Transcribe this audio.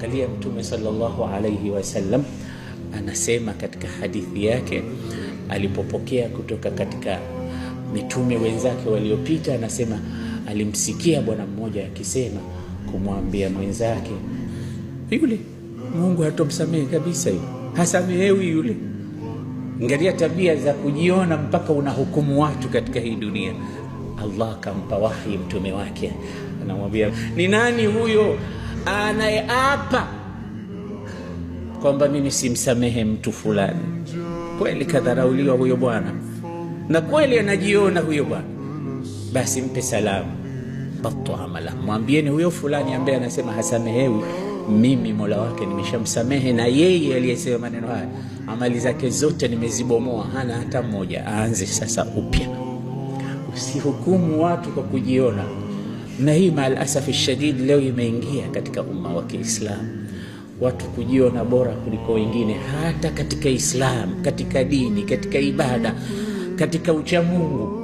Angalia Mtume sallallahu alaihi wasallam anasema katika hadithi yake alipopokea kutoka katika mitume wenzake waliopita, anasema alimsikia bwana mmoja akisema kumwambia mwenzake, yule Mungu hatomsamehe kabisa, yule hasamehewi yule. ngalia tabia za kujiona mpaka unahukumu watu katika hii dunia. Allah akampa wahi mtume wake, anamwambia ni nani huyo anayeapa kwamba mimi simsamehe mtu fulani, kweli kadharauliwa huyo bwana na kweli anajiona huyo bwana, basi mpe salamu batu amala, mwambieni huyo fulani ambaye anasema hasamehewi, mimi mola wake nimeshamsamehe, na yeye aliyesema maneno haya amali zake zote nimezibomoa, hana hata mmoja. Aanze sasa upya, usihukumu watu kwa kujiona na hii maalasafi shadidi leo imeingia katika umma wa Kiislamu, watu kujiona bora kuliko wengine, hata katika Islam, katika dini, katika ibada, katika uchamungu.